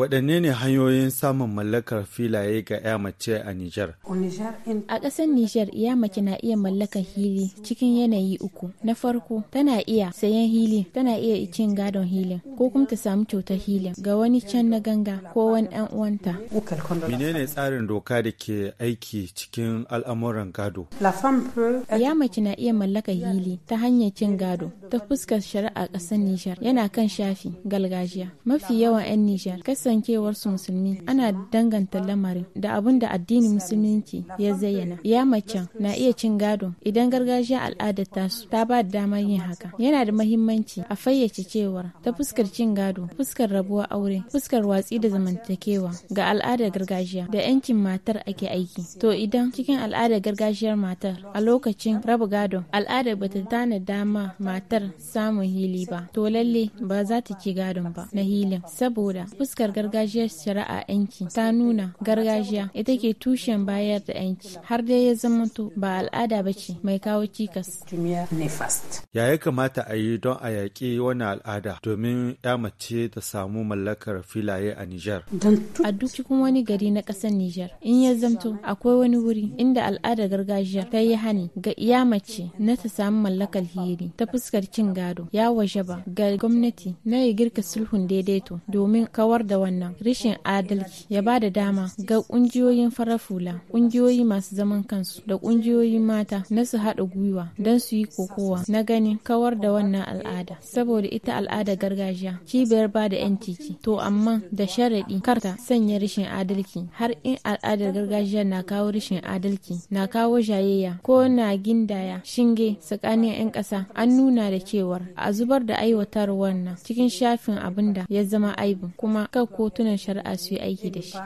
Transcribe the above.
waɗanne ne hanyoyin samun mallakar filaye ga 'ya mace a Nijar? A ƙasar Nijar, 'ya na iya mallakar hili cikin yanayi uku. Na farko, tana iya sayan hili, tana iya cin gadon hili ko kuma ta samu cutar hili. ga wani can na ganga ko wani ɗan uwanta. Menene tsarin doka da ke aiki cikin al'amuran gado? Ya na iya mallakar hili ta hanyar cin gado, ta fuskar shari'a ƙasar Nijar yana kan shafi galgajiya. Mafi yawan 'yan Nijar kasancewar su musulmi ana danganta lamarin da abin da addinin musulminki ya zayyana. Ya macen na iya cin gado idan gargajiya al'adar su. ta ba da damar yin haka. Yana da mahimmanci a fayyace cewar ta fuskar cin gado, fuskar rabuwa aure, fuskar watsi da zamantakewa ga al'adar gargajiya da 'yancin matar ake aiki. To idan cikin al'adar gargajiyar matar a lokacin raba gado al'adar bata tana dama matar fuskar samun hili ba to lalle ba za ta ci gadon ba na hilin saboda fuskar gargajiyar shari'a yanki ta nuna gargajiya ita ke tushen bayar da yanki har dai ya zama to ba al'ada ba ce mai kawo cikas ya ya kamata a yi don a yaƙi wani al'ada domin ya mace ta samu mallakar filaye a Nijar. A duk cikin wani gari na ƙasar Nijar, in ya zamto akwai wani wuri inda al'adar gargajiya ta yi hani ga iya mace na ta samu mallakar hiri ta fuskar cin gado ya waje ba ga gwamnati na ya girka sulhun daidaito domin kawar da wannan rashin adalci ya ba da dama ga kungiyoyin farafula kungiyoyi masu zaman kansu da kungiyoyin mata na su haɗa gwiwa don su yi kokowa na ganin kawar da wannan al'ada saboda ita al'ada gargajiya cibiyar ba da yanci ce to amma da sharaɗi karta sanya rashin adalci har in al'adar gargajiya na kawo rashin adalci na kawo jayayya ko na gindaya shinge tsakanin 'yan ƙasa an nuna da cewar a zubar da aiwatar wannan cikin shafin abin da ya zama aibin kuma kan kotunan shari'a su yi aiki da shi.